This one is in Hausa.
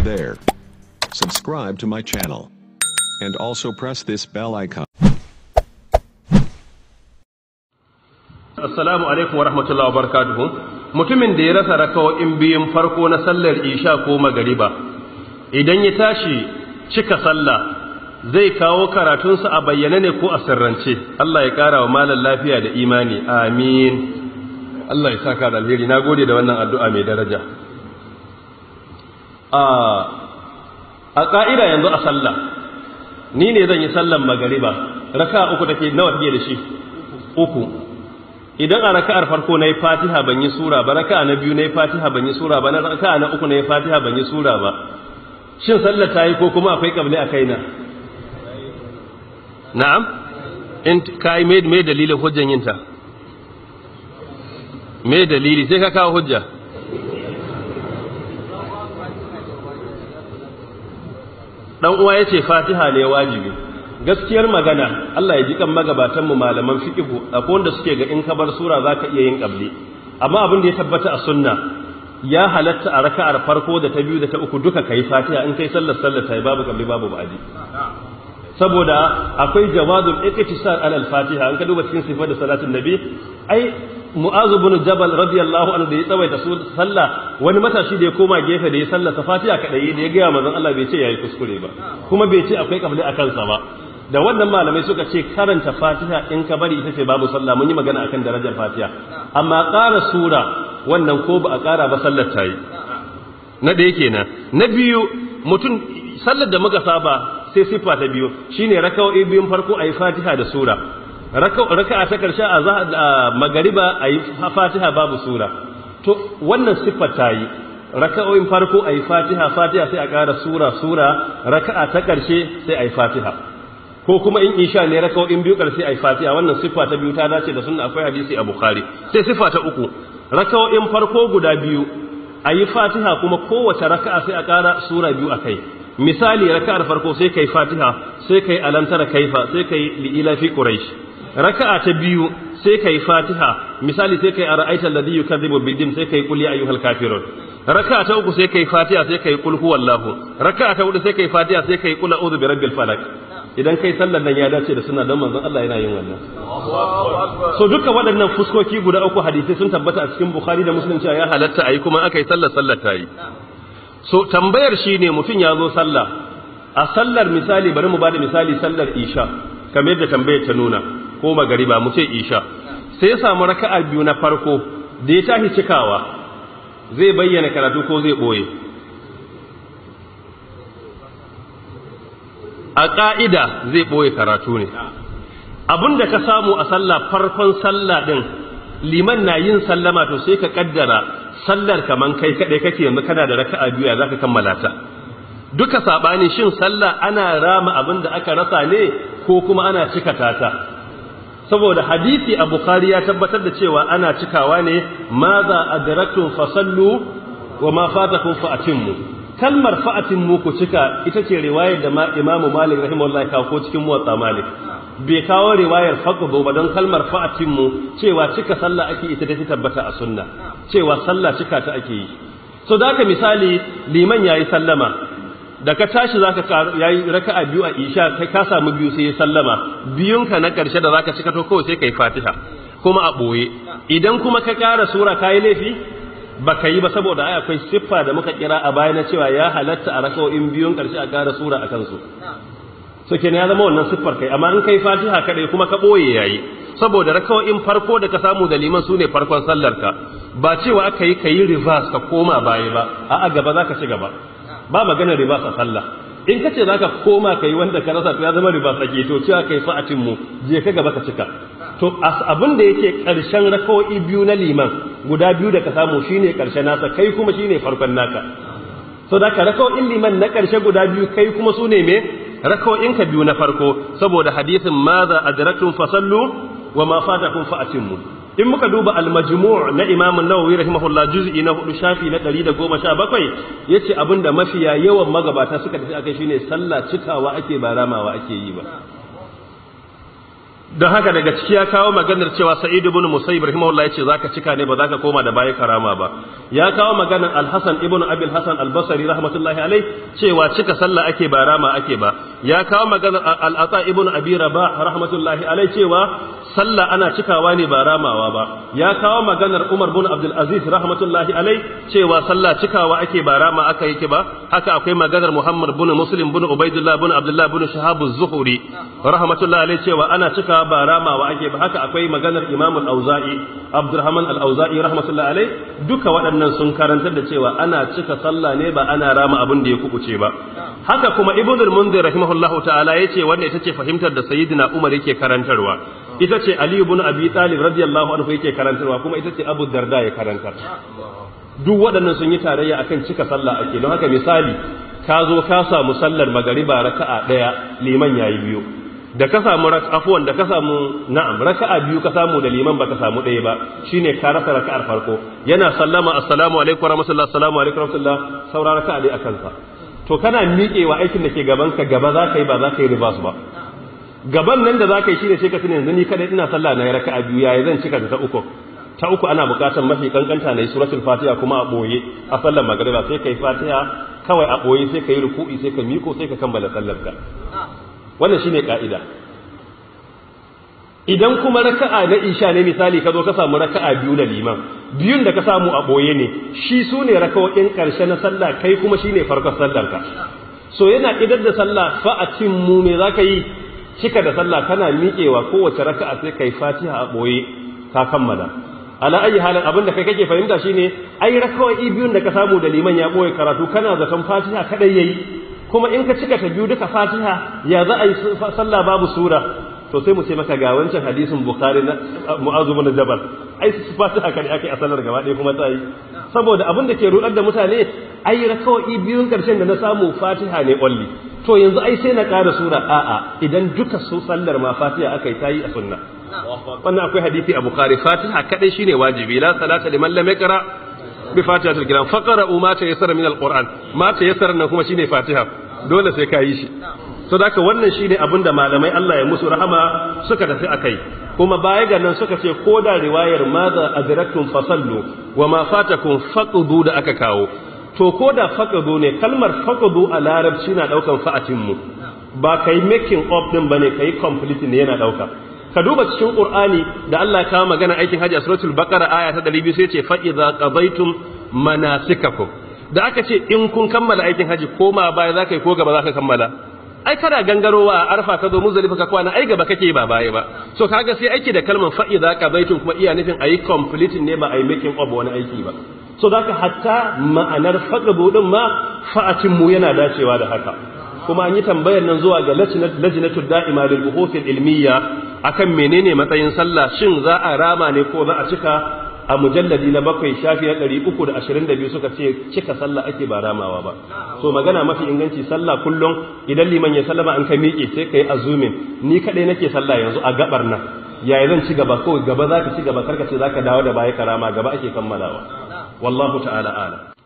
Hey there. Subscribe to my channel. And also press this bell icon. Assalamu alaikum wa rahmatullahi wa barakatuhu. Mutumin da ya rasa in biyun farko na sallar Isha ko Magariba idan ya tashi cika sallah zai kawo karatunsa a bayyane ne ko a sirrance Allah ya kara wa malam lafiya da imani amin Allah ya saka da alheri na gode da wannan addu'a mai daraja a ƙa'ida yanzu a sallah ni ne zan yi sallan magariba raka uku take nawa fiye da shi uku idan a raka'ar farko na yi fatiha ban yi sura ba raka'a na biyu na yi fatiha ban yi sura ba na raka'a na uku na yi fatiha ban yi sura ba shin sallar ta yi ko kuma akwai kabli a kaina na'am in ka yi mai dalilin hujjan yinta mai dalili sai ka kawo hujja dan uwa yace fatiha ne wajibi gaskiyar magana Allah ya ji kan magabatan mu malaman fiqh akwai wanda suke ga in kabar sura zaka iya yin qabli amma abin da ya tabbata a sunna ya halatta a raka'ar farko da ta biyu da ta uku duka kai fatiha in kai sallar sallar ta babu qabli babu ba'di saboda akwai jawazul iqtisar al fatiha an ka duba cikin sifar da salatin nabi ai mu'azu bin jabal radiyallahu anhu da ya tsawaita sallah wani matashi da ya koma gefe da ya sallah sa fatiha kadai da ya ga manzon Allah bai ce yayi kuskure ba kuma bai ce akwai kabli a kansa ba da wannan malamai suka ce karanta fatiha in ka bari ita ce babu sallah mun yi magana akan darajar fatiha amma ƙara sura wannan ko ba a ƙara ba sallar ta yi na ɗaya kenan na biyu mutum sallar da muka saba sai siffa ta biyu shine raka'o'i biyun farko a yi fatiha da sura raka'a ta karshe a magariba a yi fatiha babu sura to wannan siffar ta yi raka'o'in farko a yi fatiha fatiha sai a ƙara sura sura raka'a ta karshe sai a yi fatiha ko kuma in isha ne raka'o'in biyu karshe a yi fatiha wannan siffa ta biyu ta dace da sunna akwai hadisi a bukhari sai siffa ta uku raka'o'in farko guda biyu a yi fatiha kuma kowace raka'a sai a ƙara sura biyu a kai misali raka'ar farko sai kai fatiha sai kai alantara kaifa sai kai li'ila fi quraish raka'a ta biyu sai kai fatiha misali sai kai ara'aita alladhi yukadzibu biddin sai kai qul ya ayyuhal kafirun raka'a ta uku sai kai fatiha sai kai qul huwallahu raka'a ta hudu sai kai fatiha sai kai qul a'udhu birabbil falaq idan kai sallar nan ya dace da suna dan manzon Allah yana yin wannan so duka waɗannan fuskoki guda uku hadisi sun tabbata a cikin Bukhari da Muslim cewa ya halatta ayi kuma aka yi sallar sallar ta yi so tambayar shine mutum ya zo sallah a sallar misali bari mu bada misali sallar isha kamar yadda tambayar ta nuna ko magariba mu ce isha sai ya samu raka'a biyu na farko da ya tashi cikawa zai bayyana karatu ko zai boye a ƙa'ida zai boye karatu ne da ka samu a sallah farkon sallah din liman na yin sallama to sai ka kaddara sallar kaman kai kaɗai kake yanzu kana da raka'a biyu ya zaka kammala ta duka sabani shin sallah ana rama abin da aka rasa ne ko kuma ana cika tata saboda hadisi a bukari ya tabbatar da cewa ana cikawa ne ma za daraktun fasallu wa ma fatakum fa'atinmu kalmar fa'atinmu ku cika ita ce riwayar da ma imamu malik rahimahullah ya kawo cikin muwatta malik bai kawo riwayar faqbu ba don kalmar fa'atinmu cewa cika sallah ake ita ta tabbata a sunna cewa sallah cika ta ake yi so da haka misali liman ya yi sallama da ka tashi za ka yi raka a biyu a isha kai ka samu biyu sai ya sallama biyunka na ƙarshe da za ka cika to kawai sai ka yi fatiha kuma a ɓoye idan kuma ka ƙara sura ka yi laifi Ba ka yi ba saboda ai akwai siffa da muka kira a baya na cewa ya halatta a in biyun ƙarshe a ƙara sura a kansu so kenan ya zama wannan siffar kai amma in ka yi fatiha kaɗai kuma ka ɓoye ya yi saboda in farko da ka samu da liman su ne farkon sallar ka ba cewa aka yi ka yi reverse ka koma baya ba a'a gaba za ka ci gaba ba maganar riba a sallah in ka ce za ka koma ka yi wanda ka rasa ya zama riba sa to cewa kai sa'atin mu je ka gaba ka cika to abin da yake karshen rakoi biyu na liman guda biyu da ka samu shine karshen nasa kai kuma shine farkon naka so da ka liman na karshe guda biyu kai kuma sune ne me rakoin ka biyu na farko saboda hadisin maza za adraktum fasallu wa ma fatakum fa'atimmu in muka duba al-majmu' na Imam an-Nawawi rahimahullah juz'i na 4 shafi na 117 yace abinda mafiya yawan magabata suka tafi akai shine sallah cikawa ake ba ramawa ake yi ba don haka daga ciki ya kawo maganar cewa sa'id ibn musayyib rahimahullah yace zaka cika ne ba zaka koma da baya karama ba ya kawo maganar al-hasan ibn abi al-hasan al-basri rahmatullahi alayhi cewa cika sallah ake ba rama ake ba ya kawo magana al'ata ibn abi rabah rahmatullahi alai cewa sallah ana cikawa ne ba ramawa ba ya kawo maganar umar bin abdul aziz rahmatullahi alai cewa sallah cikawa ake ba rama aka yake ba haka akwai maganar muhammad bin muslim bin ubaidullah bin abdullah bin shahab az-zuhri rahmatullahi alai cewa ana cikawa ba ramawa ake ba haka akwai maganar imam al-auza'i abdurrahman al-auza'i rahmatullahi alai duka waɗannan sun karantar da cewa ana cika sallah ne ba ana rama abin da ya kubuce ba haka kuma Ibnu al-munzir rahimahullahu ta'ala yace wannan ita ce fahimtar da sayyidina Umar yake karantarwa ita ce Ali ibn Abi Talib radiyallahu anhu yake karantarwa kuma ita ce Abu Darda ya karantar duk waɗannan sun yi tarayya akan cika sallah ake don haka misali ka zo ka samu sallar magariba raka'a ɗaya liman yayi biyu da ka samu afuwan da ka samu na'am raka'a biyu ka samu da liman baka samu ɗaya ba shine ka rasa raka'ar farko yana sallama assalamu alaikum warahmatullahi assalamu alaikum warahmatullahi saura raka'a dai akan sa to kana miƙe wa aikin da ke gabanka gaba za ka yi ba za ka yi ribas ba gaban nan da za ka yi shi ne sai ka tuna yanzu ni kada ina sallah na raka a biyu yayi zan cika da ta uku ta uku ana buƙatar mafi kankanta na yi suratul fatiha kuma a boye a sallar magariba sai ka yi fatiha kawai a boye sai ka yi ruku'i sai ka miko sai ka kammala sallarka wannan shine ka'ida idan kuma raka'a na isha ne misali ka zo ka samu raka'a biyu na liman biyun da ka samu a boye ne shi su ne rakawo'in ƙarshe na sallah kai kuma shi ne farkon sallarka so yana idar da sallah fa'acin mu me za ka yi cika da sallah kana miƙewa kowace raka'a sai kai fatiha a boye ka kammala ala ayi halin abin da kai kake fahimta shine ai rakawai biyun da ka samu da liman ya boye karatu kana zaton fatiha kadai yayi kuma in ka cika ta biyu duka fatiha ya za a yi sallah babu sura to sai mu ce maka ga wancan hadisin bukhari na mu'azu bin jabal ai su ba su haka ne aka yi a sallar gaba ɗaya kuma ta yi saboda abin da ke rudar da mutane ai rakawai biyun karshen da na samu fatiha ne olli to yanzu ai sai na ƙara sura a'a idan duka su sallar ma fatiha aka yi ta yi a sunna wannan akwai hadisi a bukhari fatiha kadai shine wajibi la salata liman lam yaqra bi fatihatil kiram faqra'u ma tayassara min alquran ma tayassara nan kuma shine fatiha dole sai ka yi shi to da haka wannan shine abin da malamai Allah ya musu rahama suka tafi akai kuma baya ga nan suka ce ko da riwayar maza azraktum fasallu wa ma fatakum faqdu da aka kawo to ko da faqdu ne kalmar faqdu a larabci na daukan fa'atin mu ba kai making up din bane kai complete ne yana dauka ka duba cikin qur'ani da Allah ta magana aikin hajji a suratul baqara aya ta 200 sai ce fa idza qadaytum manasikakum da aka ce in kun kammala aikin hajji koma baya za ka ko gaba za ka kammala ai kana gangarowa a arfa ka zo muzdalifa ka kwana ai gaba kake ba baya ba so kaga sai aiki da kalmar fa idza baitin kuma iya nufin ayi complete ne ba yi making up wani aiki ba so zaka hatta ma'anar faqabu din ma fa'atin mu yana dacewa da haka kuma an yi tambayar nan zuwa ga lajnatul da'ima lil buhuth ilmiya akan menene matsayin sallah shin za a rama ne ko za a cika a mujalladi na bakwai shafi na ɗari uku da ashirin da biyu suka ce cika sallah ake ba ramawa ba so magana mafi inganci sallah kullum idan liman ya sallama an ka miƙe sai ka yi azumin ni kaɗai nake sallah yanzu a gabar nan yaya zan ci gaba ko? gaba za ka ci gaba karka ce za ka dawo da baya karama gaba ake kammalawa wallahu ta'ala ala